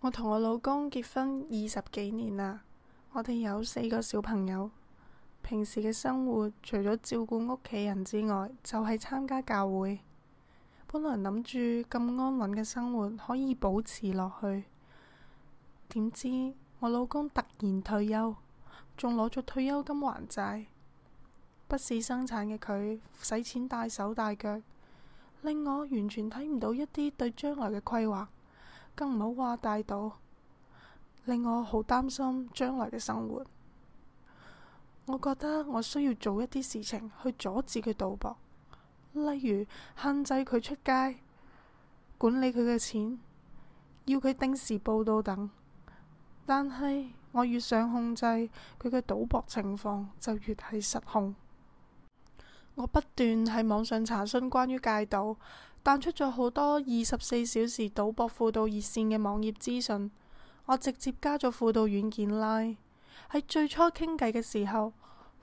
我同我老公結婚二十幾年啦，我哋有四個小朋友。平時嘅生活除咗照顧屋企人之外，就係參加教會。本來諗住咁安穩嘅生活可以保持落去，點知我老公突然退休，仲攞咗退休金還債。不是生產嘅佢使錢大手大腳，令我完全睇唔到一啲對將來嘅規劃。更唔好話帶賭，令我好擔心將來嘅生活。我覺得我需要做一啲事情去阻止佢賭博，例如限制佢出街、管理佢嘅錢、要佢定時報到等。但係我越想控制佢嘅賭博情況，就越係失控。我不斷喺網上查詢關於戒賭。彈出咗好多二十四小時賭博輔導熱線嘅網頁資訊，我直接加咗輔導軟件拉。喺最初傾偈嘅時候，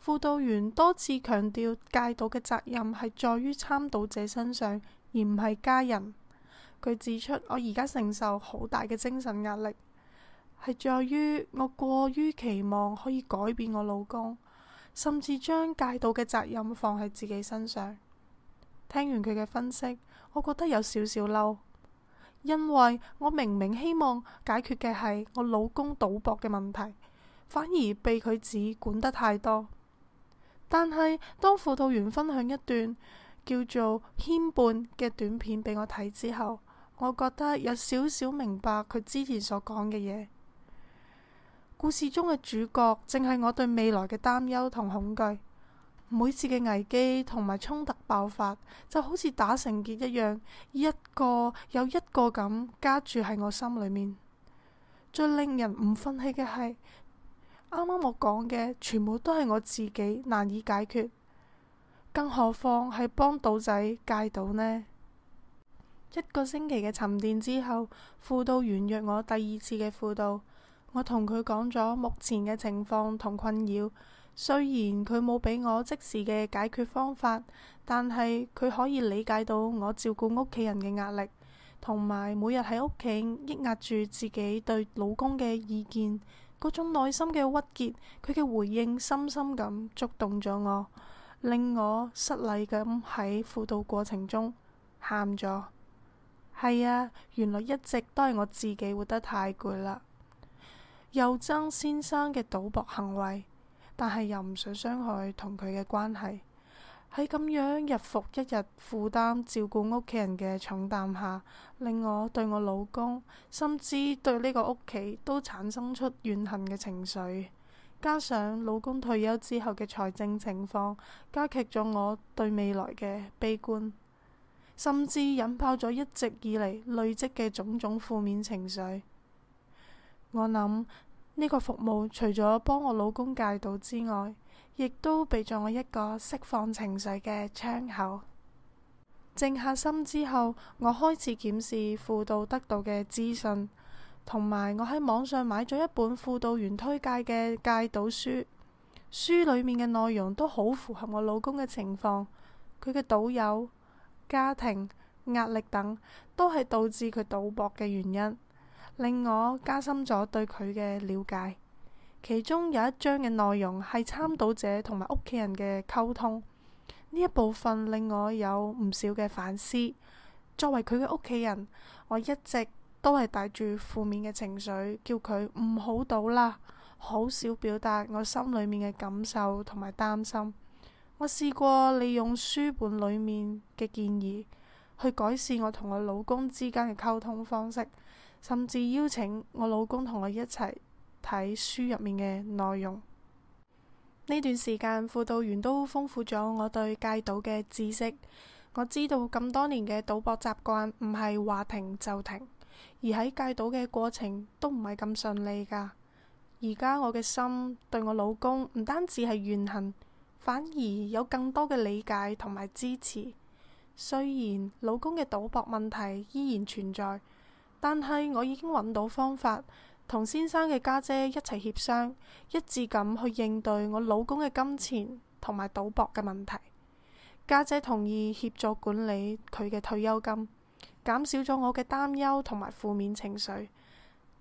輔導員多次強調戒賭嘅責任係在於參賭者身上，而唔係家人。佢指出，我而家承受好大嘅精神壓力，係在於我過於期望可以改變我老公，甚至將戒賭嘅責任放喺自己身上。聽完佢嘅分析，我覺得有少少嬲，因為我明明希望解決嘅係我老公賭博嘅問題，反而被佢指管得太多。但係當輔導員分享一段叫做《牽絆》嘅短片俾我睇之後，我覺得有少少明白佢之前所講嘅嘢。故事中嘅主角正係我對未來嘅擔憂同恐懼。每次嘅危機同埋衝突爆發，就好似打成結一樣，一個又一個咁加住喺我心裏面。最令人唔忿氣嘅係，啱啱我講嘅全部都係我自己難以解決，更何況係幫賭仔戒賭呢？一個星期嘅沉澱之後，輔導員約我第二次嘅輔導，我同佢講咗目前嘅情況同困擾。雖然佢冇俾我即時嘅解決方法，但係佢可以理解到我照顧屋企人嘅壓力，同埋每日喺屋企抑壓住自己對老公嘅意見，嗰種內心嘅鬱結。佢嘅回應深深咁觸動咗我，令我失禮咁喺輔導過程中喊咗。係啊，原來一直都係我自己活得太攰啦。又曾先生嘅賭博行為。但係又唔想傷害同佢嘅關係，喺咁樣日復一日負擔照顧屋企人嘅重擔下，令我對我老公，甚至對呢個屋企都產生出怨恨嘅情緒。加上老公退休之後嘅財政情況，加劇咗我對未來嘅悲觀，甚至引爆咗一直以嚟累積嘅種種負面情緒。我諗。呢個服務除咗幫我老公戒賭之外，亦都俾咗我一個釋放情緒嘅窗口。靜下心之後，我開始檢視輔導得到嘅資訊，同埋我喺網上買咗一本輔導員推介嘅戒賭書。書裏面嘅內容都好符合我老公嘅情況，佢嘅賭友、家庭、壓力等，都係導致佢賭博嘅原因。令我加深咗對佢嘅了解，其中有一章嘅內容係參賭者同埋屋企人嘅溝通。呢一部分，令我有唔少嘅反思。作為佢嘅屋企人，我一直都係帶住負面嘅情緒，叫佢唔好賭啦，好少表達我心裏面嘅感受同埋擔心。我試過利用書本裏面嘅建議，去改善我同我老公之間嘅溝通方式。甚至邀請我老公同我一齊睇書入面嘅內容。呢段時間，輔導員都豐富咗我對戒賭嘅知識。我知道咁多年嘅賭博習慣唔係話停就停，而喺戒賭嘅過程都唔係咁順利噶。而家我嘅心對我老公唔單止係怨恨，反而有更多嘅理解同埋支持。雖然老公嘅賭博問題依然存在。但係我已經揾到方法，同先生嘅家姐一齊協商，一致咁去應對我老公嘅金錢同埋賭博嘅問題。家姐同意協助管理佢嘅退休金，減少咗我嘅擔憂同埋負面情緒。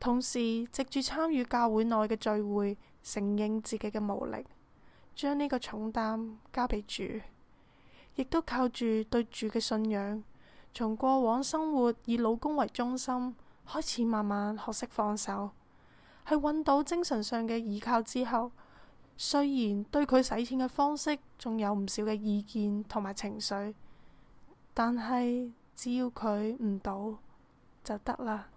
同時，藉住參與教會內嘅聚會，承認自己嘅無力，將呢個重擔交俾主，亦都靠住對主嘅信仰。從過往生活以老公為中心，開始慢慢學識放手，喺揾到精神上嘅依靠之後，雖然對佢使錢嘅方式仲有唔少嘅意見同埋情緒，但係只要佢唔賭就得啦。